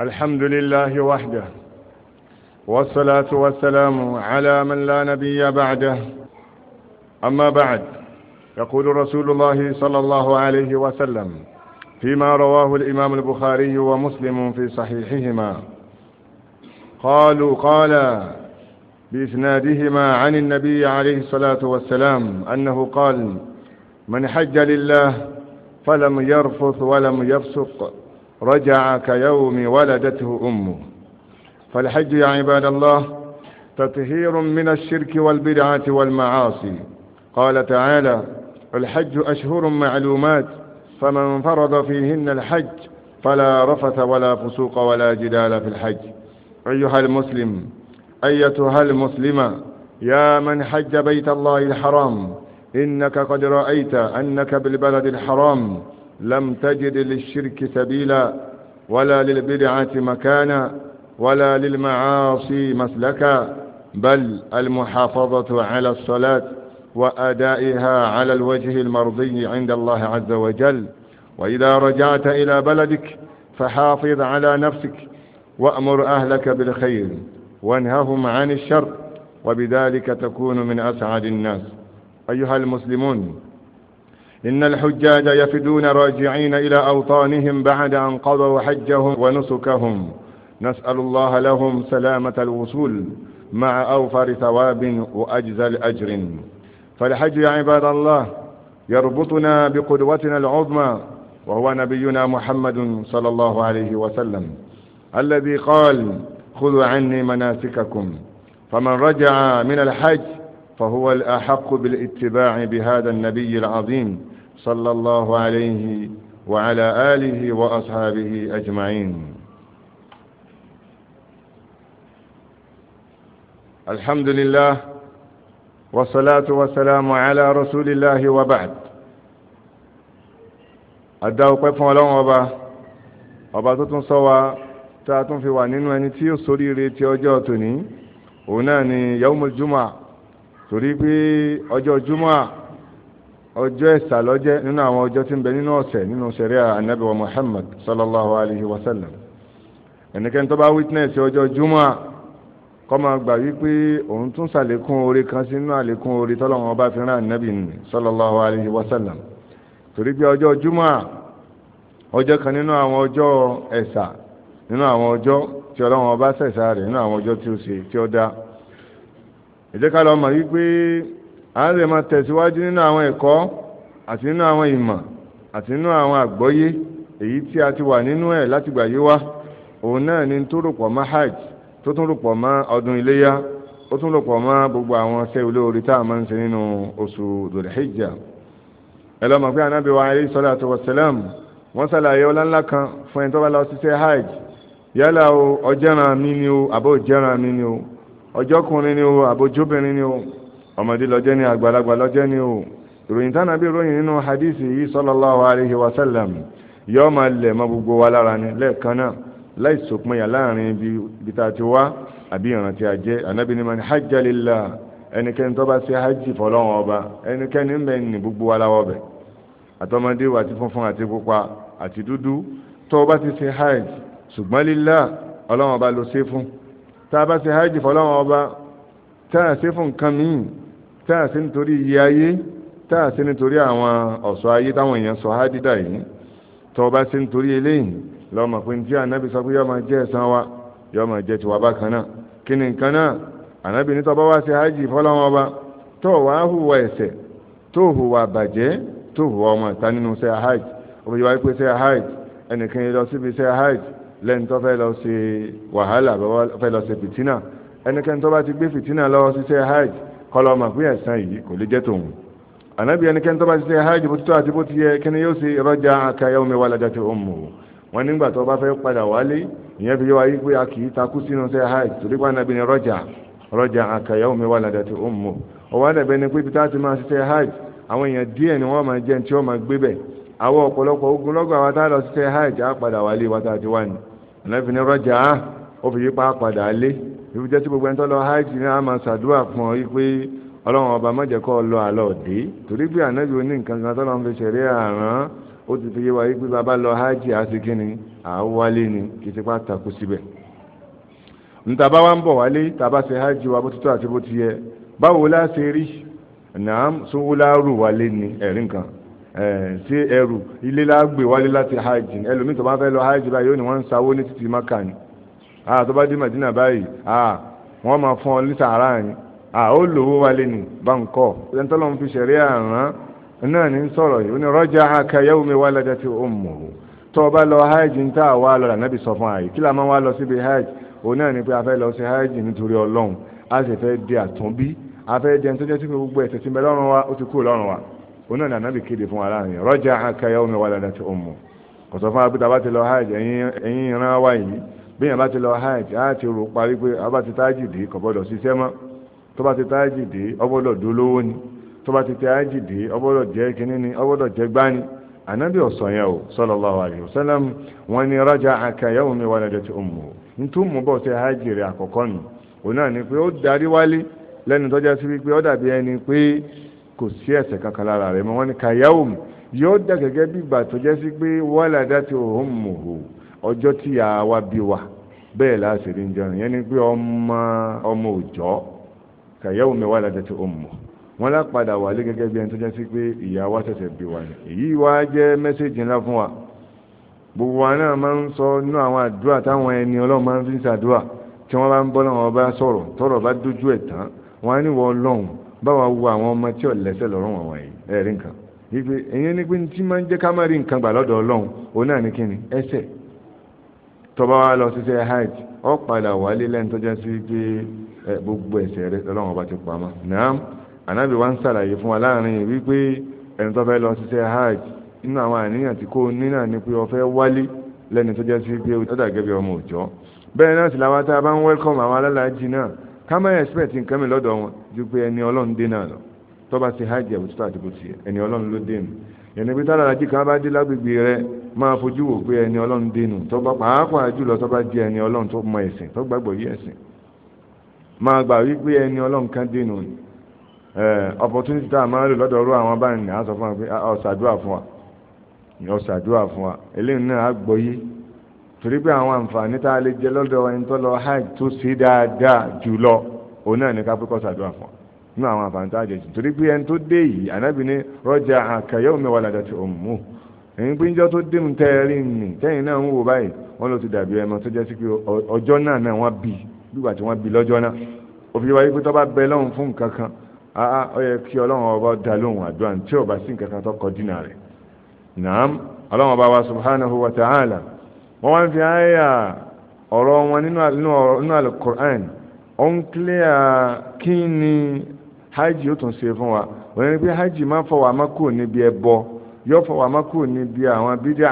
الحمد لله وحده والصلاة والسلام على من لا نبي بعده أما بعد يقول رسول الله صلى الله عليه وسلم فيما رواه الإمام البخاري ومسلم في صحيحهما قالوا قال بإسنادهما عن النبي عليه الصلاة والسلام أنه قال من حج لله فلم يرفث ولم يفسق رجع كيوم ولدته أمه فالحج يا عباد الله تطهير من الشرك والبدعة والمعاصي قال تعالى الحج أشهر معلومات فمن فرض فيهن الحج فلا رفث ولا فسوق ولا جدال في الحج أيها المسلم أيتها المسلمة يا من حج بيت الله الحرام إنك قد رأيت أنك بالبلد الحرام لم تجد للشرك سبيلا ولا للبدعة مكانا ولا للمعاصي مسلكا بل المحافظة على الصلاة وأدائها على الوجه المرضي عند الله عز وجل وإذا رجعت إلى بلدك فحافظ على نفسك وأمر أهلك بالخير وانههم عن الشر وبذلك تكون من أسعد الناس أيها المسلمون إن الحجاج يفدون راجعين إلى أوطانهم بعد أن قضوا حجهم ونسكهم نسأل الله لهم سلامة الوصول مع أوفر ثواب وأجزل أجر فالحج يا عباد الله يربطنا بقدوتنا العظمى وهو نبينا محمد صلى الله عليه وسلم الذي قال خذوا عني مناسككم فمن رجع من الحج فهو الأحق بالاتباع بهذا النبي العظيم صلى الله عليه وعلى آله وأصحابه أجمعين الحمد لله والصلاة والسلام على رسول الله وبعد adáwò pẹ́ fún ọlọ́run ọba ọba tó tún sọ wa tá a tún fi wà nínú ẹni tí ó ṣoríire ti ọjọ́ tòní òun náà ni yaumul juma torí pé ọjọ́ juma ọjọ́ ẹ̀sà lọ́jẹ́ nínú àwọn ọjọ́ tí ń bẹ nínú ọ̀sẹ̀ nínú sẹ̀ríà wa Muhammad sallallahu alayhi wa sallam ẹnikẹ́ni tó bá witness ọjọ́ júmọ́ kó gbà wípé òun tún ṣàlékún oore kan sínú àlékún sallallahu alayhi wa sallam torí pé ọjọ́ ọjọ́ kan nínú àwọn ọjọ́ ẹ̀sà nínú àwọn ọjọ́ tí ọba rẹ̀ nínú àwọn ọjọ́ tí ó ṣe tí a lè máa tẹ̀síwájú nínú àwọn ẹ̀kọ́ àti nínú àwọn ìmọ̀ àti nínú àwọn àgbọ́yé èyí tí a ti wà nínú ẹ̀ láti gbà yé wa òun náà ni tó rò pọ̀ mọ́ hajj tó tún rò pọ̀ mọ́ ọdún iléyá ó tún rò pọ̀ mọ́ gbogbo àwọn iṣẹ́ olóore tá a máa ń ṣe nínú oṣù dòlẹ́hìjà ẹ lọ́mọ pé anábì wa alayhi salatu wa salam wọ́n ṣàlàyé ọlá ńlá kan fún ẹni tó bá lọ ṣiṣẹ́ hajj yálà o ọjọ́ràn mi ni o àbójọ́ràn mi ni o ọjọ́kùnrin ni o àbójóbìnrin ni o ọmọdé lọ́jẹ́ ni àgbàlagbà lọ́jẹ́ ni o ìròyìn tánà bí ìròyìn nínú hadisi yìí sallallahu alaihi wa sallam yọ́ máa lẹ̀ mọ́ gbogbo wa lára ni lẹ́ẹ̀kan náà láì sòpinya láàrin ibi tá a ti wá àbí ìran tí a jẹ́ ànábì ni man hajja lillah ẹnikẹ́ni tó bá ṣe hajj fọlọ́wọn ọba ẹnikẹ́ni ń bẹ ní gbogbo wa láwọ́ bẹ̀ àtọmọdé wa ti funfun àti pupa àti dúdú tó bá ti ṣe hajj ṣùgbọ́n lillah ọlọ́wọn ọba ló ṣe fún tá a bá ṣe hajj fọlọ́wọn ọba tá a ṣe fún nǹkan míì táà sí nítorí iye ayé táà sí nítorí àwọn ọ̀ṣọ́ ayé táwọn èèyàn sọ á dídà yìí tó bá sí nítorí eléyìí lọ́mọ pé tí ànábì sọ pé yọ́ máa jẹ́ ẹ̀san wa yọ́ máa jẹ́ tiwa bákan náà kí ni nǹkan náà ànábì ní tó wá sí hajj fọ́lọ́wọ́n ọba tó wàá hùwà ẹ̀ṣẹ̀ tó hùwà bàjẹ́ tó hùwà ọmọ ìta nínú sẹ́ hajj òbí wáyé pé sẹ́ hajj ẹnìkan lọ síbi sẹ́ hajj lẹ́ni tó fẹ́ lọ sí wàhálà fẹ́ lọ sí fìtínà ẹnìkan tó bá ti gbé fìtínà lọ sí sẹ́ hajj kọlọ ma pé ẹ̀san yìí kò lè jẹ́ tòun ànábì ẹnikẹ́ni tó bá ti ṣe hajj bó tó àti bó ti yẹ kí ni yóò ṣe rọ́jà akayọ́ omi wa lajà tó ń mú wọn nígbà tó bá fẹ́ padà wálé ìyẹn fi yọ wáyé pé a kì í takú sínú ṣe hajj torí pé ànábì ni rọ́jà rọ́jà akayọ́ omi wa lajà tó ń mú ọwọ́ àdàbẹ́ ni pé ibi tá a ti máa ṣe hajj àwọn èèyàn díẹ̀ ni wọ́n máa jẹ́ tí wọ́n máa gbé bẹ̀ àwọn ọ̀pọ̀lọpọ̀ ogun lọ́gọ̀ àwọn tá a lọ ṣe hajj á padà wálé wa tá a ti wá ni ànábì ni rọ́jà ó fi yípa padà lé ìlú jẹ́ tí gbogbo ẹni tó lọ hajj ní àmà ṣàdúrà pọ̀ wípé ọlọ́run ọba má jẹ́ kó lọ àlọ́ òde torí pé ànábì oní nǹkan kan tó lọ́n fi ṣeré àrán ó ti fi yé wa wípé bàbá lọ hajj àti kíni àwálé ni kì í ti pa takú síbẹ̀ ntaba wa ń bọ̀ wálé tàbá ṣe hajj wa bó ti tó àti bó ti yẹ báwo la ṣe rí nàám sówó láàrú wálé ni ẹ̀rí nǹkan ṣé ẹrù ilé lágbè wálé láti hajj ẹlòmíì tó bá fẹ́ lọ hajj àtọ́ ah, bá dé Madina báyìí ah, wọ́n máa fún ọ ní sàárà yín ah, ó lówó wálé ní báńkọ́ ẹni tọ́lọ́ ń fi ṣẹ̀rí àrán náà ní sọ̀rọ̀ yìí ó ní rọ́jà aka yawmi waladati ummuhu tọ́ bá lọ hajj ń tà wá lọ lànàbì sọ fún àyè kí la máa wá lọ síbi hajj òun náà ni pé a fẹ́ lọ sí hajj nítorí Ọlọ́run a sì fẹ́ di àtúnbí a fẹ́ di ẹni tó jẹ́ sí gbogbo ẹ̀ṣẹ̀ tí ni ànábì kéde fún waladati ummuhu kò sọ fún abúlé tá a bá bíyàn bá ti lọ hajj á ti rò parí pé a bá ti tájì dé kò gbọ́dọ̀ ṣiṣẹ́ mọ́ tó bá ti tájì dé ó gbọ́dọ̀ dolówó ni tó bá ti tájì dé jẹ́ kínní ni ó jẹ́ o sallallahu alaihi wasallam wọn ni raja'aka yawmi waladat ummu nítorí mú bọ̀ sí hajj rẹ̀ àkọ́kọ́ nù òun ni pé ó darí wálé lẹ́nu ó dàbí ẹni pé kò ọjọ́ tí a wá bí wa bẹ́ẹ̀ láti rí jẹun yẹn ni pé ọmọ ọmọ òjọ́ kàyẹ́wò mẹ́wàá ládẹ́tì ọmọ wọn lápadà wà lé gẹ́gẹ́ bí ẹni tó jẹ́ sí pé ìyá wa ṣẹ̀ṣẹ̀ bí wa ni èyí wá jẹ́ mẹ́sẹ̀jì ńlá fún wa gbogbo wa náà máa ń sọ nínú àwọn àdúrà táwọn ẹni ọlọ́run máa ń fi ń ṣàdúrà tí wọ́n bá ń bọ́ ọba sọ̀rọ̀ tọ́rọ̀ bá dójú ẹ̀ tán wọ́n á níwọ̀ ọlọ́run báwa wo àwọn ọmọ tí ò lẹ́sẹ̀ lọ́rùn wọn wọ̀nyí ẹ̀rí nǹkan ni pé ní tí tọba wa lọ ṣiṣẹ́ hajj ọ padà wálé lẹ́nu tó jẹ́ sí pé gbogbo ẹ̀ṣẹ̀ rẹ̀ Ọlọ́run ọba ti pamọ́ naam anabi wa ń ṣàlàyé fún wa láàrin wípé ẹni tó fẹ́ lọ ṣiṣẹ́ hajj inú àwọn àníyàn tí kò ní náà ni pé ó fẹ́ wálé lẹ́nu tó jẹ́ sí pé ó dàgẹ́ bí ọmọ òòjọ́ bẹ́ẹ̀ náà sì làwọn tá a bá ń wẹ́lkọ̀mù àwọn alálàájì náà ká má ẹ̀sìpẹ̀tì nǹkan mi lọ́dọ̀ wọn ju pé ẹni Ọlọ́run dé náà lọ tọ́ba ṣe hajj àbútútù àti bùtì ẹni Ọlọ́run ló dé mi ẹni bí tálàlájì kan bá dé lágbègbè rẹ máa fojú wò pé ẹni ọlọ́run dénú tó bá pàápàá jùlọ tó bá di ẹni ọlọ́run tó mọ ẹ̀sìn tó gbàgbọ́ yí ẹ̀sìn máa gbà wípé ẹni ọlọ́run kan dénú ni opportunity tá a máa lò lọ́dọ̀ ọ̀rọ̀ àwọn báyìí ní àásọ fún wa pé ọ̀sàdúrà fún wa ọ̀sàdúrà fún wa eléyìí náà á gbọ́ yí torí pé àwọn àǹfààní tá a lè jẹ lọ́dọ̀ ẹni tó lọ hajj tó ṣe dáadáa jùlọ òun náà ní ká pé kọ́sàdúrà fún wa nínú àwọn àfàǹtàjẹ jù torí pé ẹni tó dé yìí ànábì ní rọjà àkàyọ mi wà ládàtì òmù èyí pé níjọ́ tó dé mi tẹ́ ẹ rí mi tẹ́yìn náà ń wò báyìí wọ́n ló ti dàbí ẹmọ tó jẹ́ sí pé ọjọ́ náà náà wọ́n bí bígbà tí wọ́n bí lọ́jọ́ náà òfin wáyé pé tó bá bẹ lọ́hùn fún nǹkan kan áá ó yẹ kí ọlọ́run ọba dá lóhùn àdúrà tí ò bá sí nǹkan kan tó kọ dínà rẹ̀ nàám ọlọ́run ọba wa subhanahu wa ta'ala wọ́n wá ń fi àyà ọ̀rọ̀ wọn nínú alukur'an ó ń kílẹ̀ kí ni Haji ó tún ṣe fún wa wọ́n ní pé hajj máa fọwọ́ amákò níbi ẹbọ yọ fọwọ́ amákò níbi àwọn bídà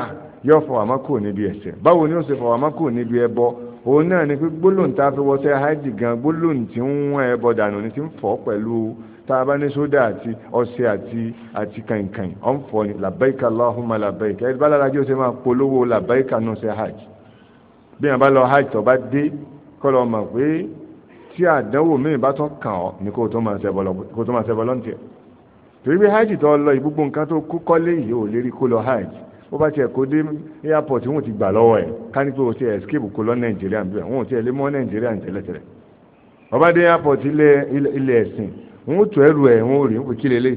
yọ fọwọ́ amákò níbi ẹ̀ṣẹ̀ báwo ni ó ṣe fọwọ́ amákò níbi ẹbọ òun náà ni pé gbólóhùn tá a fi wọṣẹ hajj gan gbólóhùn tí ń wọ́n ẹbọ dànù ni ti ń fọ́ pẹ̀lú tá a bá ní sódà àti ọṣẹ àti àti kànkàn ọ̀ ń fọ́ ni làbẹ́ìkà Allahumma làbẹ́ìkà ẹ̀ bá lára jẹ́ ó ṣe máa polówó làbẹ́ìkà náà ṣe hajj bí wọn bá lọ hajj tó bá dé kọ́ lọ́ọ́ mọ̀ pé tí àdánwò míì bá tún kàn ọ́ ní kó tó máa ṣẹbọ lọ́ntì ẹ̀ torí pé hajj tó lọ ìgbógbó nǹkan tó kó kọ́lé yìí ò lérí kó lọ hajj ó bá tiẹ̀ kó dé airport wọn ti gbà lọ́wọ́ ẹ̀ ká ní pé o ti escape kó lọ nàìjíríà níbẹ̀ wọn ò tiẹ̀ lé mọ́ nàìjíríà tẹ́lẹ̀tẹ́lẹ̀ ọba dé airport ilé ẹ̀sìn wọn ò tó ẹrù ẹ̀ wọn ò rí wọn kí lélẹ̀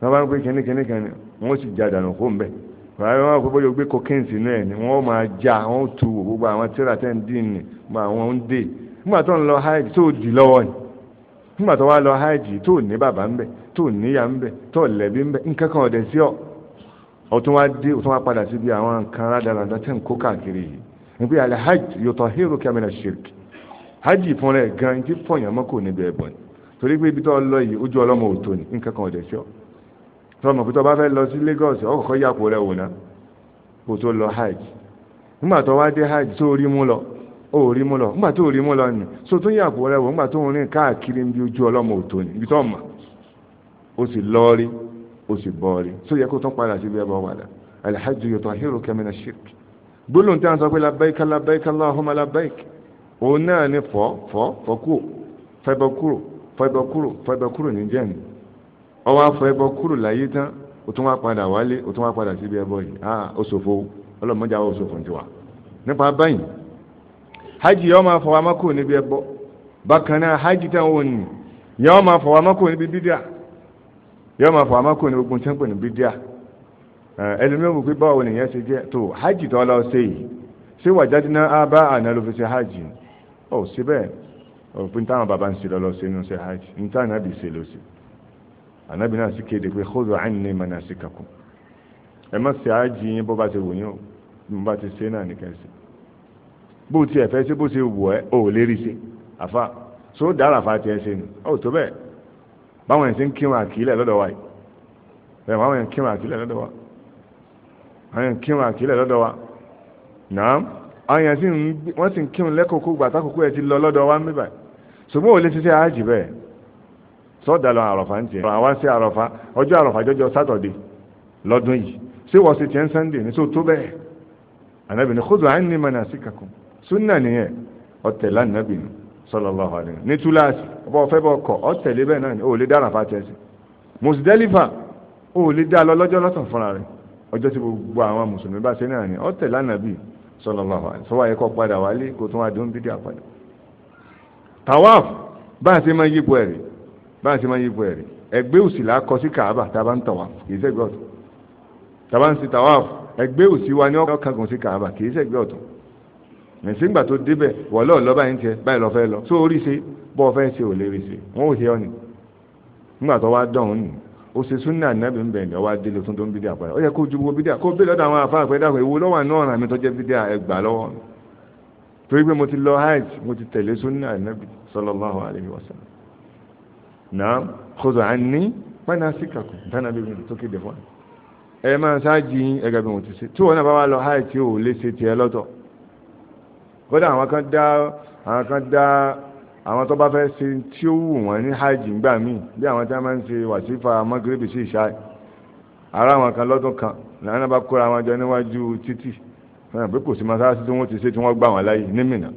wọn bá ń pè kíní kíní kíní wọn ò sì já dànù kó ń bẹ̀ wọ́n fọ́ gbé cocaine sínú ẹ̀ ni wọ́n máa já wọ́n tu gbogbo àwọn tíra tẹ́ ń dín ní gbogbo àwọn ń dé nígbà tó ń lọ hajj tó di lọ́wọ́ ni nígbà tó wá lọ hajj tó ní bàbá ń bẹ tó níyà ń bẹ tó lẹ̀bi ń bẹ nǹkan kan ọ̀dẹ̀ sí ọ ọtún wá dé ọtún wá padà síbi àwọn nǹkan rádaràdà tẹ̀ ń kó káàkiri yìí nígbà yàrá hajj shirk hajj fún rẹ gan ti fọyàn mọ́ níbi ẹ̀bọ̀ ni torí pé ibi tó lọ yìí ojú ọlọ́mọ òtò ni nǹkan kan ọ̀dẹ̀ sí ọ òòrí mú lọ ńgbà tó òòrí mú lọ so tó yàgò rẹ wò ńgbà tó òun káàkiri níbi ojú ọlọ́mọ òtò ní ibi tó ọmọ o sì lọ rí o sì bọ rí so yẹ kó tán padà síbi ẹbọ wàdà alhajj yutahhiruka mina shirk gbólóhùn tí a ń sọ pé labbaika labbaika Allahumma labbaik òun náà ni fọ fọ kúrò kúrò kúrò kúrò ní jẹ́ni ọwọ́ afọ ẹbọ kúrò ah, o hajj yóò máa fọwọ́ má kúrò níbi ẹbọ bákan náà hajj táwọn wò ní yóò máa fọwọ́ má kúrò níbi bídíà yóò máa fọwọ́ má kúrò níbi ogun tí wọ́n pè ní bídíà ẹlòmíràn wò pé báwo nìyẹn ṣe jẹ́ tó hajj tó lọ ṣe yìí ṣé wajadna aba'ana ló fi ṣe hajj ọ̀ síbẹ̀ òpin táwọn bàbá ń ṣe lọ́lọ́ ṣe nínú ṣe hajj níta ànábì ṣe ló ṣe ànábì náà sì kéde pé khudhu anni manasikakum ẹ má ṣe hajj yín bó bá ti wù o bó bá ti ṣe náà nìkan ṣe bó tiẹ̀ fẹ́ ṣe bó ṣe wù ẹ́ ò lè rí ṣe àfa so dára fa tiẹ̀ ṣe ni ó tó bẹ́ẹ̀ báwọn ẹ̀ ṣe ń kírun àkílẹ̀ lọ́dọ̀ wa yìí bẹ́ẹ̀ báwọn ẹ̀ ń kírun àkílẹ̀ lọ́dọ̀ wa àwọn ẹ̀ ń kírun àkílẹ̀ lọ́dọ̀ wa náà àwọn ẹ̀ wọ́n sì ń kírun lẹ́kọ̀ọ́kọ́ gbà tákòókò ẹ̀ ti lọ lọ́dọ̀ wa ń bíbà ṣùgbọ́n ò lè ṣiṣẹ́ àájì bẹ́ẹ̀ sọ́ọ̀dà lọ àrọ̀fà ń tiẹ̀ àwa sí àrọ̀fà ọjọ́ àrọ̀fà jọjọ sátọ̀dé lọ́dún yìí ṣé wọ́n sì tiẹ̀ ń sànńdè ní sóòtó bẹ́ẹ̀ ànábì súnà nìyẹn ọ̀tẹ̀ lánàbì ni sallallahu alaihi ní túláàsì ọbọ̀ ọ̀fẹ́ bọ̀ kọ̀ ọ̀tẹ̀ lébẹ̀ náà ni ó lè dára fa tẹ̀sí Musdalifa ó lè dá lọ lọ́jọ́ lọ́sàn fúnra rẹ̀ ọjọ́ tí gbogbo àwọn mùsùlùmí bá ṣe náà ni ọ̀tẹ̀ lánàbì sallallahu alaihi sọ́wọ́ ayẹ́kọ́ padà wálé kó tún adùn bídí àpadà tawaf bá a ṣe máa yípo ẹ̀rí bá a ṣe máa yípo ẹ̀rí ẹgbẹ́ òsì là kọ sí kàába tá ń tawaf kì í ṣẹ́gbẹ́ ọ̀tún tá ń ṣe tawaf ẹgbẹ́ òsì wa ni ọkàn gùn sí kàába kì í ṣẹ́gbẹ́ ọ̀tún nísìngbà tó débẹ̀ wọlé ọ̀lọ́ báyìí ń tiẹ̀ báyìí lọ́ọ́ fẹ́ lọ tó orí ṣe bọ́ ọ fẹ́ ṣe ò lè rí ṣe wọ́n ò ṣe ọ́ ni nígbà tó wá dán òun nì ó ṣe súnà ànábì ń bẹ̀ ní ọwá délé tó ń bí díà padà ó yẹ kó ju gbogbo bí díà kó bí lọ́dọ̀ àwọn afá àpẹ́ dàpọ̀ ewu lọ́wọ́ àná ọ̀ràn mi tó jẹ́ bí díà ẹgbà lọ́wọ́ mi torí pé mo ti lọ hajj mo ti tẹ̀lé súnà ànábì sallallahu alaihi wasallam náà kóso à ń ní pẹ́ẹ́nà síkàkù dáná bí tó kéde fún ẹ máa ṣáàjì ẹgbẹ́ bí mo ti ṣe tí wọn náà bá wà lọ hajj tí ò lè ṣe tiẹ̀ lọ́tọ̀ kódà àwọn kan dá àwọn kan dá àwọn tó bá fẹ́ ṣe tí ó wù wọ́n ní hajj ńgbà míì bí àwọn tí wọ́n máa ń ṣe wàsífà mọ́gírèbì sí ìṣá ara àwọn kan lọ́dún kan làwọn bá kóra wọn jọ níwájú títì fún àpé kò sí masáàsì tí wọ́n ti ṣe tí wọ́n gbà wọ́n láyè ní Mínà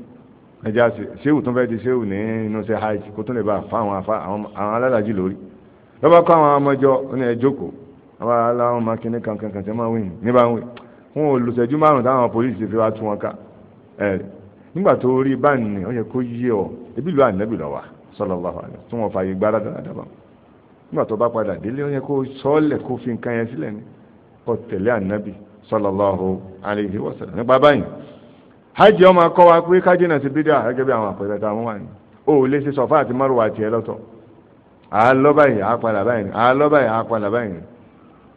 ẹja ṣéwù tó fẹ́ ti ṣéwù ní inú ṣe hajj kó tún lè bá fa àwọn afa àwọn alálàájì lórí lọ́ba kọ́ àwọn ọmọjọ ní ẹjọ́kọ̀ àwọn aláwọn máa kíní kankan kan tẹ́ máa wí ní bá wí wọn ò lùsẹ̀jú márùn-ún táwọn pólísì fi wá tú nígbà tó rí báyìí ni ó yẹ kó yé ọ ebi lu ànábì lọ wa sallallahu alaihi tí wọn fààyè gbára dáadáa nígbà tó bá padà délé ó yẹ kó sọọlẹ kó fi nǹkan yẹn sílẹ̀ ni kó tẹ̀lé ànábì sallallahu alaihi wasallam nípa báyìí hajj ọmọ akọ wa pé kájí náà ti bí dáa gẹ́gẹ́ bí àwọn àpẹẹrẹ tá a mú wá ni ó lè ṣe sọfá àti márùwà tiẹ̀ lọ́tọ̀ àálọ báyìí àpàlà báyìí àálọ báyìí àpàlà báyìí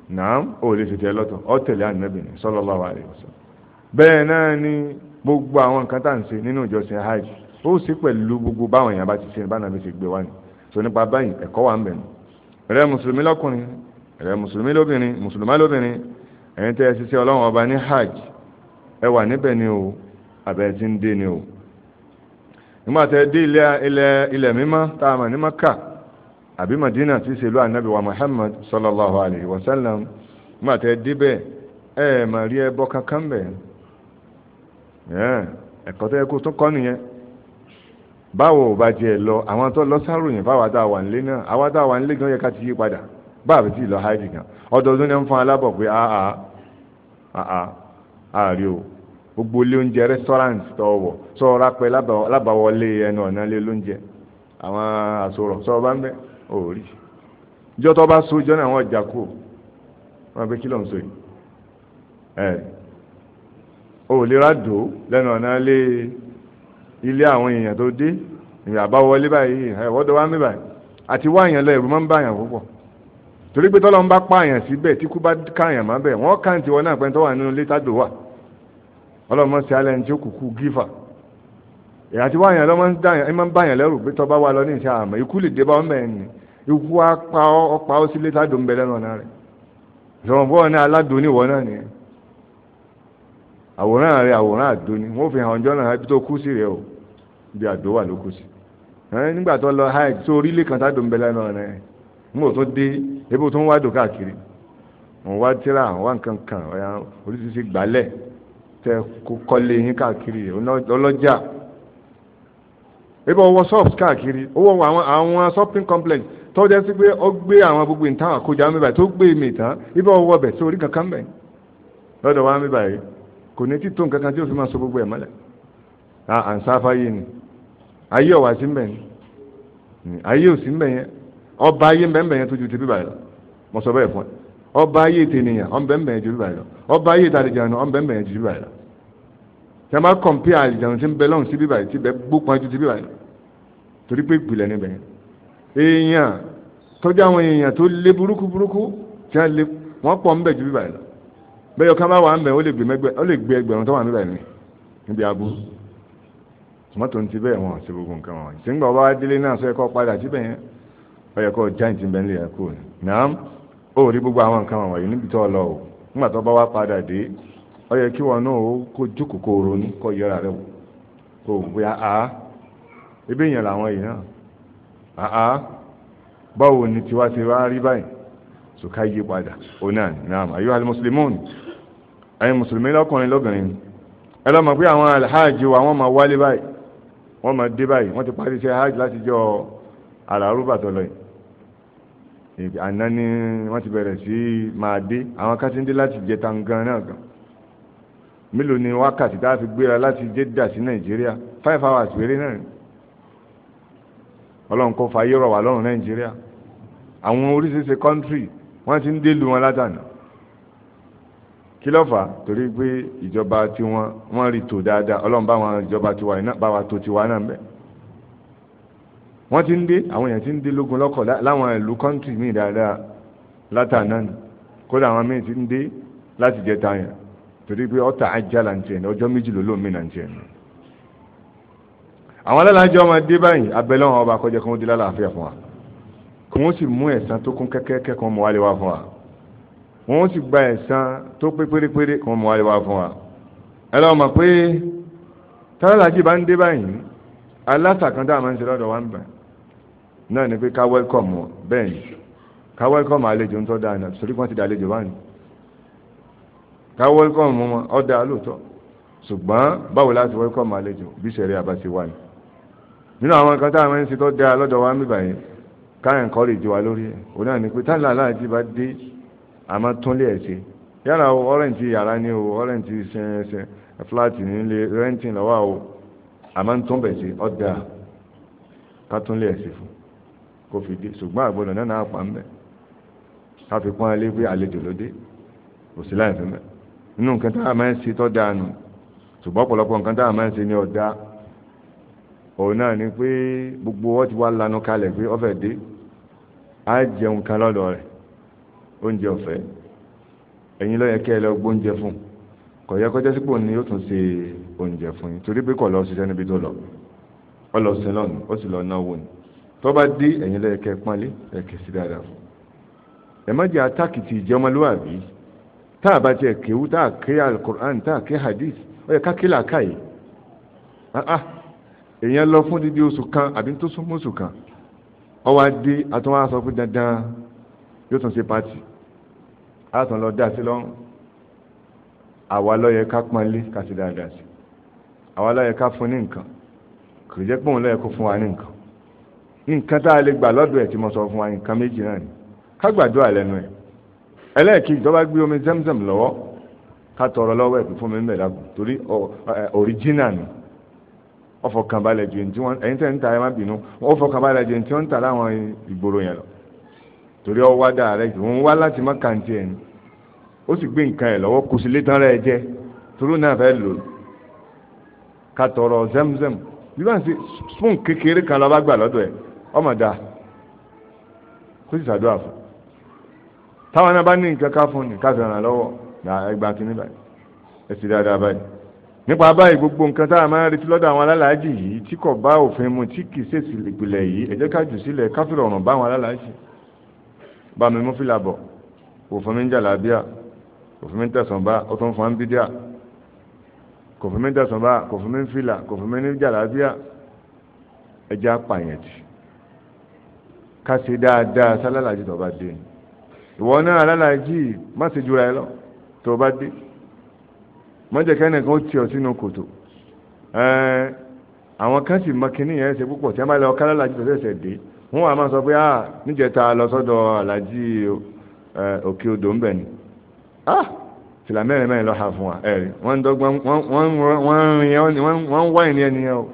nàám ó lè ṣe tiẹ̀ lọ́tọ̀ ó tẹ̀lé ànábì sallallahu alaihi wasallam bẹ́ẹ̀ náà ni gbogbo àwọn nǹkan tá à ń ṣe nínú ìjọsìn hajj ó sì pẹ̀lú gbogbo báwọn èèyàn bá ti ṣe bá nàbí ṣe gbé wá ni tó nípa báyìí ẹ̀kọ́ wà ń bẹ̀ ni rẹ mùsùlùmí lọ́kùnrin rẹ mùsùlùmí lóbìnrin mùsùlùmá lóbìnrin ẹ̀yin tẹ́ ẹ ṣiṣẹ́ ọlọ́run ọba ní hajj ẹ wà níbẹ̀ ni o àbẹ̀ ti ń dé ni o nígbà tẹ́ dé ilẹ̀ ilẹ̀ ilẹ̀ mímọ́ tá a mọ̀ ní maka àbí madina ti ṣèlú anabi ẹ̀kọ́ tó yẹ kó tó kọ́ nìyẹn báwo bá jẹ́ lọ àwọn tó lọ sáròyìn fáwọn àdá wà nílé náà wà nílé gan yẹ ká ti yí padà báàbí tí lọ háìdì gan ọdọọdún ń fún alábọ̀ pé àà àà o gbogbo ilé oúnjẹ rẹ́sítọ́ráǹtì tó wọ̀ sọ rápẹ́ lábàwọlé ẹnu ọ̀nà ilé àwọn sọ bá ń bẹ́ ò rí ìjọ tó bá so ìjọ náà wọ́n jà kú kí so yìí o lè ra dò lẹ́nu ọ̀nà lé ilé àwọn èèyàn tó dé ìyá àbáwọlé báyìí ẹ̀wọ́dọ̀ wá mí báyìí àti wá àyàn lọ ẹ̀rù máa ń bá àyàn púpọ̀ torí pé tọ́lọ́ ń bá pa àyàn síbẹ̀ tí kú bá ká àyàn má bẹ̀ wọ́n kà ń tiwọ́ náà pẹ́ tó wà nínú ilé tádò wà ọlọ́mọ sí alẹ́ ní tí ó kúkú gífà èyà tí wá àyàn lọ́mọ ń bá àyàn lẹ́rù pé tọ́ba wà lọ ní ìṣe àmọ́ ikú lè dé bá ọ́n bẹ́ẹ̀ ni ikú apá ọ́ sílé tádò ń bẹ lẹ́nu ọ̀nà rẹ̀ ìṣọ̀rọ̀ àwòrán rẹ àwòrán àdó ni wọn fi hàn náà tó kú sí rẹ o ibi àdó wà ló kú sí nígbà tó lọ tó orílẹ̀ kan tá dòun bẹ lẹ́nu ọ̀rẹ́ tó dé ebi tó ń wá káàkiri wọn wá tíra wọn wá nǹkan kan oríṣiríṣi tẹ kó kọ́lé yín káàkiri ọlọ́jà ebi ọwọ́ káàkiri àwọn àwọn shopping complex tọ́jà sí pé gbé àwọn gbogbo ìtàn kankan kò ní títò nǹkan kan tí ó fi máa sọ gbogbo ẹ̀ mọ́lẹ̀ ah, à ń sáfá yé ni ayé ọ̀wà sí mbẹ̀ ni ayé òsì mbẹ̀ yẹn ọba ayé mbẹ̀ mbẹ̀ yẹn tó ju ti bíbà lọ mo sọ bẹ́ẹ̀ fún ẹ ọba ayé tènìyàn ọ̀nbẹ̀ mbẹ̀ yẹn ju bíbà lọ ọba ayé tàdéjànù ọ̀nbẹ̀ mbẹ̀ yẹn ju bíbà lọ tẹ máa kọ̀m̀pé àlìjànù tí ń bẹ lọ́hùn sí bíbà yìí tí bẹ gbópọn bẹ́ẹ̀ ọkàn bá wà ń bẹ̀ ó lè gbé ẹgbẹ̀rún tó wà níbẹ̀ ni níbi abú mọ́tò ń ti bẹ́ẹ̀ wọn àti gbogbo nǹkan wọn tí ń gbà wá délé náà sọ ẹ̀kọ́ padà síbẹ̀ yẹn ó yẹ kó jáì ti bẹ́ẹ̀ lè yẹ kó nàám ó rí gbogbo àwọn nǹkan wọ̀nyí níbi tó lọ o nígbà tó bá wá padà dé ó yẹ kí wọn náà kó jókòó kó ronú kó yẹra rẹ kó bóyá a ebi èèyàn làwọn yìí náà a a báwo ni tiwa ti wá rí báyìí sọ ká yí padà ó náà nàám àyíwá al-muslimun ẹ̀yin mùsùlùmí lọ́kùnrin lóbìnrin ẹ lọ́mọ pé àwọn alhaji wa wọ́n máa wálé báyìí wọ́n máa dé báyìí wọ́n ti parí iṣẹ́ hajj láti jọ àlàrúbà tó lọ yìí àná ni wọ́n ti bẹ̀rẹ̀ sí máa dé àwọn kátìndé láti jẹ tangan náà gan mélòó ni wákàtí tá a fi gbéra láti Jeddah sí Nàìjíríà five hours péré náà ọlọ́run kó fa ayé rọ̀ wá lọ́rùn Nàìjíríà àwọn oríṣiríṣi kọ́ńtírì wọ́n ti ń dé lu wọn látàná kí ló fà torí pé ìjọba tí wọ́n wọ́n rí tò dáadáa ọlọ́run bá wọn ìjọba tiwa iná bá wa tó tiwa náà bẹ́ẹ̀ wọ́n ti ń dé àwọn èèyàn ti ń dé lógun lọ́kọ̀ láwọn ìlú kọ́ńtì míì dáadáa látàná ni kódà àwọn míì ti ń dé láti jẹ tayàn torí pé ọ̀tà ajá là ń tiẹ̀ ní ọjọ́ méjì lólómi là ń tiẹ̀ ní àwọn alálàájọ́ ọmọ dé báyìí abẹ́lẹ́ ọba kọjá kí wọ́n dé lálàáfíà fún wa kí wọ́n sì mú ẹ̀san tó kún kẹ́kẹ́ kẹ́kọ̀ọ́ wọ́n sì gba ẹ̀san tó pé pérépéré kan mọ̀ àríwá fún wa ẹ lọ́wọ́ mọ̀ pé tálàlájì bá ń dé báyìí alátàkàn a máa ń ṣe lọ́dọ̀ wa ń bẹ̀ náà ni pé ká wẹ́lkọ̀mù wọn bẹ́ẹ̀ ni ká wẹ́lkọ̀mù àlejò ń tọ́ da àná torí wọ́n ti da àlejò báyìí ká wẹ́lkọ̀mù wọn ọ́ da lóòótọ́ ṣùgbọ́n báwo láti wẹ́lkọ̀mù àlejò bí sẹ̀rí àbá ti wà ní nínú àwọn nǹkan tá a máa ń ṣe tó da lọ́dọ̀ wa ń bẹ̀ báyìí ká ẹ̀ńkọ́rì jù wa lórí ẹ̀ òun náà ni pé tálàlájì bá dé àmọ́ tún lé ẹ̀ ṣe yálà o ọ́rẹ́ǹtì yàrá ni o ọ́rẹ́ǹtì ṣẹ́ṣẹ́ fúláàtì nílé rẹ́ǹtì lọ́wọ́ o àmọ́ tún bẹ̀ ṣe ọ̀dà ká tún lé ẹ̀ ṣe fún kò fi dé ṣùgbọ́n àgbọ̀dọ̀ náà náà pa ń bẹ̀ ká fi pọ́n ilé pé àlejò ló dé kò sí láì fún bẹ̀ nínú nǹkan tá a máa ń ṣe tọ́ nù ṣùgbọ́n ọ̀pọ̀lọpọ̀ nǹkan tá a máa ń ṣe ní ọ̀dà òun náà ni pé gbogbo wọn ti wá lanu kalẹ̀ pé ó fẹ́ dé á jẹun kan lọ́dọ̀ rẹ̀ oúnjẹ ọ̀fẹ́ ẹ̀yin ló yẹ kẹ́ ẹ lọ gbóúnjẹ fún kò yẹ kọjá sípò ni yóò tún ṣe oúnjẹ fún yín torí pé kò lọ ṣiṣẹ́ níbi tó lọ ọ lọ sí lọ́nà ó sì lọ náwó ni tó bá dé ẹ̀yin ló yẹ kẹ́ ẹ pọ́nlé ẹ kẹ́ sí dáadáa fún ẹ má jẹ́ atáàkì ti ìjẹ́ tá a bá tiẹ̀ kéwú tá a ké alukur'an tá a ké hadith ó yẹ ká ké làákàyè ah, ah, èèyàn lọ fún dídí oṣù kan àbí tó sún mọ́ṣù kan ó wá dé àtúnwá sọ pé dandan yóò tún ṣe pàtì àtàn lọ dá sí lọ́rùn àwa lọ́yẹ ká pọ́nlé ká sì dáadáa sí àwa lọ́yẹ ká fún ní nǹkan kò jẹ́ pé òun lọ́yẹ kó fún wa ní nǹkan nǹkan tá a lè gbà lọ́dọ̀ ẹ̀ tí mo sọ fún wa nǹkan méjì náà ni ká gbàdúrà lẹ́nu ẹ̀ ẹlẹ́ẹ̀kejì tó bá gbé omi zemzem lọ́wọ́ ká tọrọ lọ́wọ́ ẹ̀ pé fún mi ń bẹ̀ dàgbù torí ọ̀ríjínà ni ọ̀fọ̀kànbalẹ̀ ju ẹni tí wọ́n ẹ̀yin tẹ́ ń ta ẹ má bínú ọ̀fọ̀kànbalẹ̀ ju ẹni tí wọ́n ń ta láwọn ìgboro yẹn lọ torí ọ wá direct òun wá láti má kàǹtì ẹ̀ ni ó sì gbé nǹkan ẹ̀ lọ́wọ́ kò sí létán rẹ̀ jẹ́ torú náà fẹ́ lò ká tọrọ zemzem bí wọ́n ṣe spoon kékeré kan lọ́ba gbà lọ́dọ̀ ẹ̀ ọmọ dà kó sì ṣàdúrà fún táwọn náà bá ní nǹkan ká fún ni ká fi ràn lọ́wọ́ ẹgbàá kìíní báyìí ẹ sì dáadáa báyìí nípa báyìí gbogbo nǹkan tá a máa ń retí lọ́dọ̀ àwọn alálàájì yìí tí kò bá òfin mu tí kì í ṣèṣì ìpìlẹ̀ yìí ẹ ká jù sílẹ̀ ká fi rọrùn bá àwọn alálàájì bá mi mú fìlà bọ̀ kò fún mi ń jàlábíà kò fún mi ń tẹ̀sán bá ó tún fún bídíà kò fún mi ń tẹ̀sán bá kò fún mi ń fìlà kò fún mi ń jàlábíà ẹja pààyàn tì ká ṣe dáadáa sálálàjì tó bá dé ìwọ náà alálàjì má ṣe jura ẹ lọ tó bá dé mọ́jẹ̀kẹ́ nìkan ó tì sínú kòtò ẹ̀ẹ́ àwọn kan sì mọ kínní yẹn ṣe púpọ̀ tí wọ́n bá lọ kálálàjì tó ṣẹ̀ṣẹ̀ dé wọ́n wà máa sọ pé ah níjẹta lọ sọ́dọ̀ alájí òkè odò ń bẹ̀ ni ah tìlà mẹ́rin mẹ́rin lọ́ha fún wa ẹ̀rí wọ́n ń dọ́gbọ́n wọ́n ń wá ìní ẹni yẹn o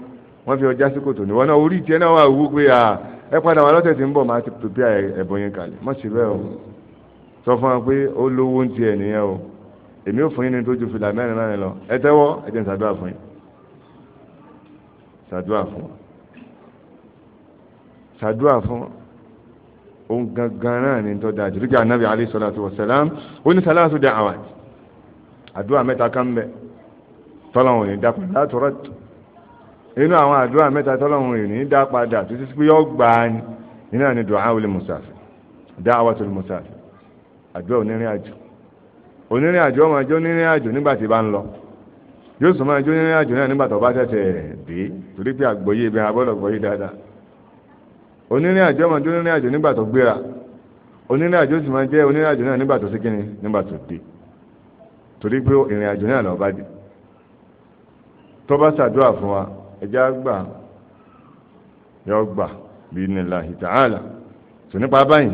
wọ́n fi ọjà sí kòtò níwọ̀n náà orí ìtẹ́ náà wà wú pé ah ẹ padà wà lọ́tẹ̀ tí ń bọ̀ máa ti pèpè ẹ̀bùn yẹn kalẹ̀ má ṣe bẹ́ẹ̀ o sọ fún wa pé ó lówó ń tiẹ̀ nìyẹn o èmi ò fún yín ní tó ju fìlà mẹ́rin mẹ́rin lọ ẹ tẹ́wọ́ ẹ jẹ́ ń ṣàdúrà fún yín ṣàdúrà fún wa ṣàdúrà fún òun gangan náà ní tó dáa jùlọ anabi alayhi salatu wa salam ó ní sàlátù da'awat àdúrà mẹ́ta kan bẹ tọ́lọ́hún ní dápadà látọ̀rọ̀ inú àwọn àdúrà mẹ́ta tọ́lọ́hún ní dápadà títí sí pé yọ gbà á ní nínú àni du'aul musafir da'awatul musafir àdúrà onírìn àjò onírìn àjò ọmọ ẹjọ́ onírìn àjò nígbà tí bá ń lọ yóò sọ máa jó onírìn àjò náà nígbà tó bá tẹ̀sẹ̀ dé torí pé àgbọ́yé ibẹ̀ abọ́dọ̀ gbọ́yé dáadáa onírìn àjò ọmọdé onírìn àjò nígbà tó gbéra onírìn àjò sì máa jẹ́ onírìn àjò náà nígbà tó sí kíni nígbà tó dé torí pé ìrìn àjò náà lọ́ọ́ bá dé tó bá ṣàdúrà fún wa ẹjẹ́ àgbà yọ gbà bí nílà ìtàhálà tò nípa báyìí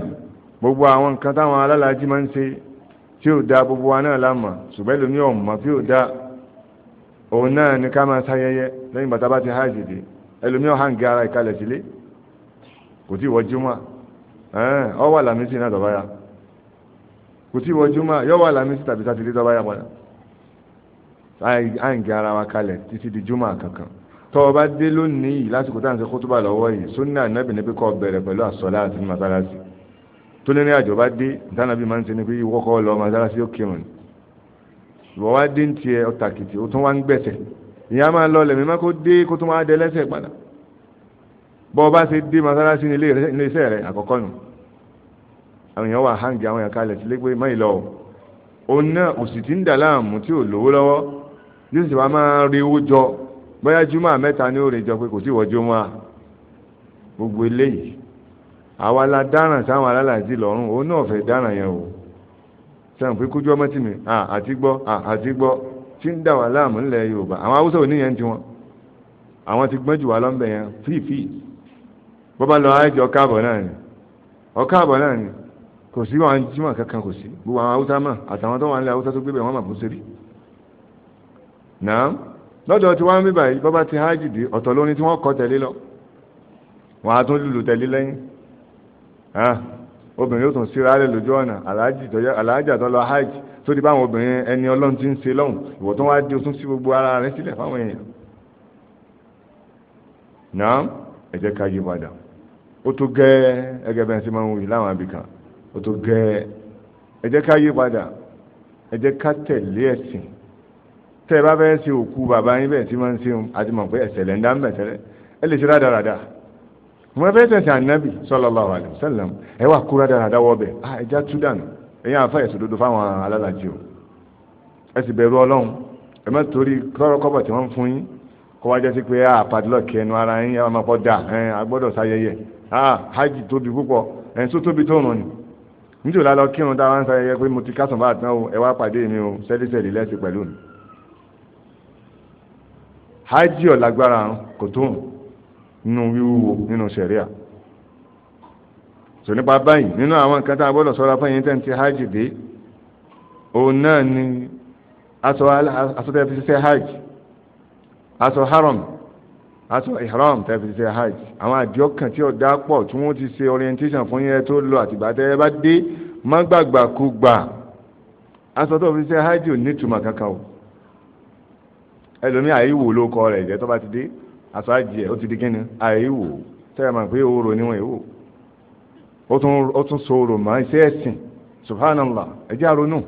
gbogbo àwọn nǹkan táwọn alálàájì máa ń ṣe tí ò da gbogbo wa náà lámà ṣùgbọ́n ẹlòmíì ọ̀mọ̀ tí ò da òun náà ni ká máa ṣayẹyẹ lẹ́yìn bàtà bá ti háàjì dé ẹlòmíì ọ̀hángi ara ìkalẹ̀ sílé kò tí wọ júmọ́ ẹ̀ẹ́n ọ wà lámísì náà tọ́ bá yá kò tí wọ júmọ́ yọ wà lámísì tàbí sátidé tọ́ bá yá padà àìgé ara wa kalẹ̀ títí di júmọ́ kankan tọ́ dé lónìí lásìkò táwọn ṣe kótóbà lọ́wọ́ yìí sunna anábì ní pé kó bẹ̀rẹ̀ pẹ̀lú àti masalasi tó àjọ bá dé ìtànàbí máa ń ṣe ni pé ìwọ́kọ́ lọ masalasi ó kírun ìwọ́ wá dé ń tiẹ̀ ọ̀tàkìtì ó tún wá ń gbẹ̀sẹ̀ ìyá máa lọ lẹ̀mí má kó dé kó tún wá dé lẹ́sẹ̀ padà bọ́ ọ bá ṣe dé masalasi ní ilé iṣẹ́ rẹ àkọ́kọ́ nù àwọn èèyàn wà hangi àwọn èèyàn kalẹ̀ sílé pé máyì lọ òun náà òsì tí ń dà láàmú tí ò lówó lọ́wọ́ yóò sì wá máa rí owó jọ bóyá júmọ́ mẹ́ta ni ó rè jọ pé kò sí ìwọ́jú wọn a gbogbo eléyìí àwa la dáràn sáwọn alálàájì lọ́rùn òun náà fẹ́ dáràn yẹn o sẹ́wọ̀n pé kójú ọmọ tì mí àti gbọ́ àti gbọ́ tí ń dà wá láàmú ńlẹ̀ Yorùbá àwọn Haúsá ò níyẹn tiwọn àwọn ti gbọ́n jù wá lọ́nbẹ̀ yẹn fífíì bọ́bá lọ ájì ọkà àbọ̀ náà ni ọkà àbọ̀ náà ni kò sí wọn jímọ̀ kankan kò sí gbogbo àwọn haúsá mọ̀ àtàwọn tó wà nílẹ̀ haúsá tó gbébẹ̀ wọn mà bó sẹ́rí. náà lọ́dọ̀ tí wọ́n ń bíbà yìí bọ́bá ti ájì dé ọ̀tọ̀ lóní tí wọ́n kọ́ tẹ̀lé lọ wọ́n á tún lùlù tẹ̀lé lẹ́yìn ah, obìnrin yóò tún síra rẹ̀ lójú ọ̀nà aláàjà tó lọ ájì tó di báwọn obìnrin ẹni ọlọ́run ti ń ṣe lọ́hùn ìwọ tó wá dé o tún sí gbogbo ara rẹ̀ sílẹ̀ fáwọn èèyàn náà ẹ jẹ́ ká yí padà ó tó gẹ́ ẹgẹ́ bẹ́ẹ̀ sí máa ń wí láwọn abìkan ó tó gẹ́ ẹ jẹ́ ká yí padà ẹ jẹ́ ká tẹ̀lé ẹ̀sìn tẹ́ ẹ bá fẹ́ ṣe òkú bàbá yín bẹ́ẹ̀ sí máa ń ṣe òun àti mọ̀ pé ẹ̀sẹ̀lẹ̀ ń dá ń ẹ lè ṣe rádaràda mo fẹ́ tẹ̀sán ànábì sallallahu alaihi wasallam ẹ wà kú rádaràda wọ bẹ̀ ah, ẹ já tú dànù ẹ̀yìn àfa ẹ̀sùn dodo fáwọn alálàjì o ẹ sì bẹ̀rù ọlọ́run ẹ má torí kọ́rọ́kọ́bọ̀ tí wọ́n ń fún yín kó sí pé àpàdé ah, lọ́ọ̀kì ẹnu ara yín ẹ máa pọ̀ dà ẹ agbọ́dọ̀ sáyẹyẹ Ah, hajj tóbi púpọ̀ ẹ̀yìn tó tóbi tó rùn ni nítorí lálọ kírun tá a wá ń sáré yẹ pé mo ti kásùn bá àtàn o ẹ wá pàdé mi o sẹ́lẹ̀sẹ̀lẹ̀ lẹ́sẹ̀ pẹ̀lú mi hajj ọ̀lágbára kò tó nínú wíwúwo nínú sẹ̀ríà tò nípa báyìí nínú àwọn nǹkan tá a gbọ́dọ̀ sọ́ra fún yín tẹ́ ń ti hajj dé òun náà ni aṣọ tẹ́ fi ṣiṣẹ́ hajj aṣọ haram aṣọ ihram tẹ́ fi ṣe hajj àwọn àdìọ́kàn tí ọ̀dà pọ̀ tí wọ́n ti ṣe orientation fún yẹn tó lọ àtìgbà tẹ́ ẹ bá dé má gbàgbà kú gbà aṣọ tó fi ṣe hajj ò ní ìtumọ̀ kankan o ẹlòmíì àyíwò ló kọ rẹ̀ jẹ́ tó bá ti dé aṣọ àjẹ ó ti di kíni àyíwò tẹ́ ẹ pé òórò níwọ̀n èèwò ó tún sòrò mọ́ iṣẹ́ ẹ̀sìn subhanallah ẹ̀jẹ̀ àronú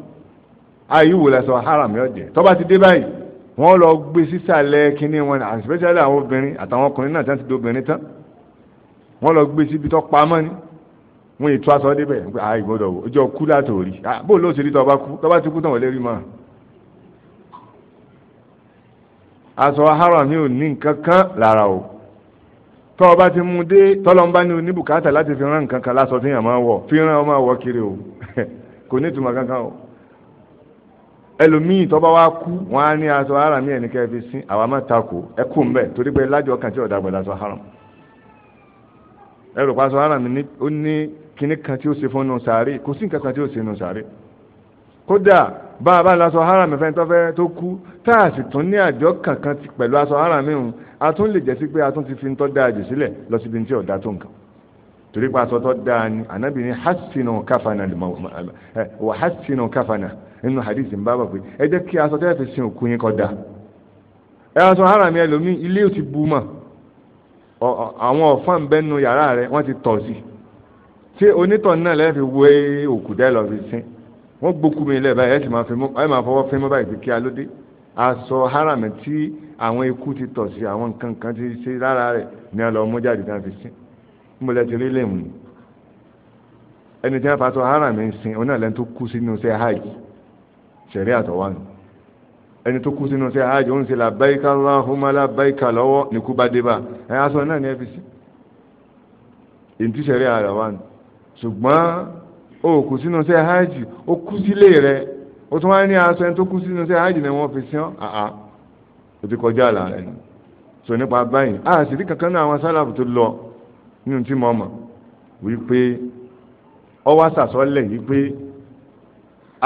àyíwò lẹ́sọ̀ haram yóò jẹ́ tó bá ti dé báyìí wọ́n lọ gbé sísàlẹ̀ kínní wọn and especially àwọn obìnrin àtàwọn ọkùnrin náà tán ti di obìnrin tán wọ́n lọ gbé síbi tó pamọ́ ni wọ́n ètò aṣọ débẹ̀ pé àì ah, gbọ́dọ̀ wò ojú ọkú látò rí ah, bó ló ṣe rí tọ́ bá kú tọ́ bá ti kú tán wọ́n lè rí mọ́ aṣọ haram mi ò ní nǹkan kan lára o tọ́ ọ bá ti mú dé tọ́lọ́mbá ní oníbùkátà láti fi rán nǹkan kan láṣọ fi hàn máa wọ̀ fi rán ọmọ àwọ̀ kiri o kò ní ìtumọ̀ kankan o ẹlòmíì tó bá wá kú wọn á ní aṣọ haram yẹn ní kẹ́ ẹ fi sin àwa má takò ẹ kú mbẹ torí pé lájọ kan tí ọ̀dà gbọ̀dọ̀ aṣọ haram ẹ rò pa aṣọ haram ní ó ní kinní kan tí ó ṣe fún nù sàárè kò sí nǹkan kan tí ó ṣe nù sàárè kódà bá a bá laṣọ haram fẹ́ tó fẹ́ tó kú tá a sì tún ní àjọ kankan pẹ̀lú aṣọ haram mìíràn a tún lè jẹ́ sí pé a tún ti fi ń tọ́ da àjò sílẹ̀ lọ síbi tí ọ̀dà tó nǹkan torí pa aṣọ tó dáa ni ànábì ní hasinu káfana wà eh, hasinu káfana nínú hadith ń bá bọ̀ pé ẹ jẹ́ kí aṣọ tẹ́lẹ̀ fi sin òkú yín kódà ẹ aṣọ ara mi ẹlòmíì ilé ò ti bu mọ̀ àwọn ọ̀fọ́n ń bẹ́nu yàrá rẹ wọ́n ti tọ̀ sí ṣé onítọ̀ náà lẹ́yìn fi wé òkú dẹ́ lọ fi sin wọ́n gbókú mi lẹ́ẹ̀ báyìí ẹ sì máa fọwọ́ fẹ́ mọ́ báyìí pé kí alóde aṣọ ara mi tí àwọn ikú ti tọ̀ sí àwọn nǹkan kan ti ṣe lára rẹ̀ ní ọlọ́ mú jáde náà fi sin mo lẹ́ ti rí lẹ́mù ẹni tí wọ́n fa aṣọ ara mi sin onáà lẹ́ni tó kú sínú iṣẹ́ hajj ṣẹ̀rí àtọ̀wánu ẹni tó kú sínú sí ààjò ń ṣe làbáyíká Allahumma làbáyíká lọ́wọ́ ní kú bá dé bá ẹ aṣọ náà ní ẹ́fì sí èyí tí ṣẹ̀rí àtọ̀wánu ṣùgbọ́n ó kú sínú sí ààjì ó kú sílé rẹ ó tún wá ní aṣọ ẹni tó kú sínú sí ààjì ni wọ́n fi sí ọ́n àá ó ti kọjá àlà rẹ nù sọ nípa báyìí àṣírí kankan náà àwọn sálàbù tó lọ nínú tí mo mọ̀ wípé ọwọ́ àṣàsọ́lẹ̀ yìí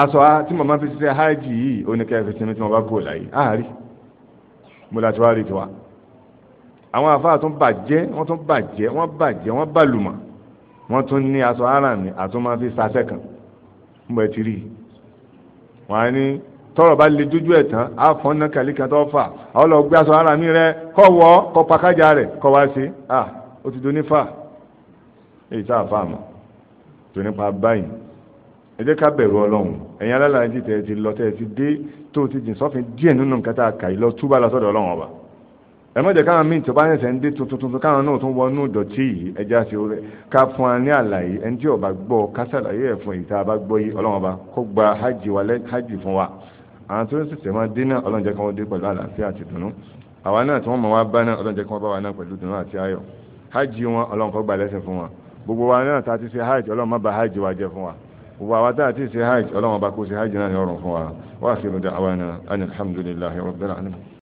aṣọ tí mama fi ṣiṣẹ́ hajj yìí oníkẹ́ fi sinmi tí wọ́n bá kú láyé àárí mo láti wá rí tiwa àwọn àfáà tún bàjẹ́ wọ́n tún bàjẹ́ wọ́n bàjẹ́ wọ́n bàlùmọ̀ wọ́n tún ní aṣọ aráàmì àtún máa fi ṣaṣẹ́ kan mo ẹ̀ ti rí i wọ́n á ní tọrọ bá le dójú ẹ̀ tán á fọ́n náà kàlí kan tó fà á lọ gbé aṣọ aráàmì rẹ kọ́ wọ́ kọ́ pakájà rẹ̀ kọ́ wá sí ah ó ti do ní fà èyí tá a fà mọ́ tó nípa báyìí ẹ jẹ́ ká bẹ̀rù ọlọ́run ẹ̀yin alálàájì tẹ́ ẹ ti lọ tẹ́ ẹ ti dé tó ti jìn sọ́fin díẹ̀ nínú nǹkan tá a kà yìí lọ túbà lọ sọ́dọ̀ ọlọ́run ọba ẹ má jẹ́ káwọn míì tó bá ń ṣẹ̀ ń dé tuntun tuntun káwọn náà tún wọnú ìdọ̀tí yìí ẹ já sí orí ká fún wa ní àlàyé ẹni tí ó bá gbọ́ ká ṣàlàyé ẹ̀ fún ìta bá gbọ́ yìí ọlọ́run ọba kó gba hajj wa lẹ́ hajj fún wa àwọn tó ń ṣẹ̀ṣẹ̀ máa dé náà ọlọ́run jẹ́ kí dé pẹ̀lú àlàáfíà àti dùnú àwa náà tí wọ́n mọ̀ wá bá náà ọlọ́run jẹ́ kí bá wa náà pẹ̀lú dùnú àti ayọ̀ hajj wọn ọlọ́run kó gba lẹ́sẹ̀ fún wa gbogbo wa náà ta ti ṣe hajj ọlọ́run má bà hajj wa jẹ́ fún wa gbogbo àwọn táà tí ṣe hajj ọlọ́wọ́n bá kó ṣe hajj náà ní ọrùn fún wa wá sí ìrọ̀dà ẹni alhamdulillahi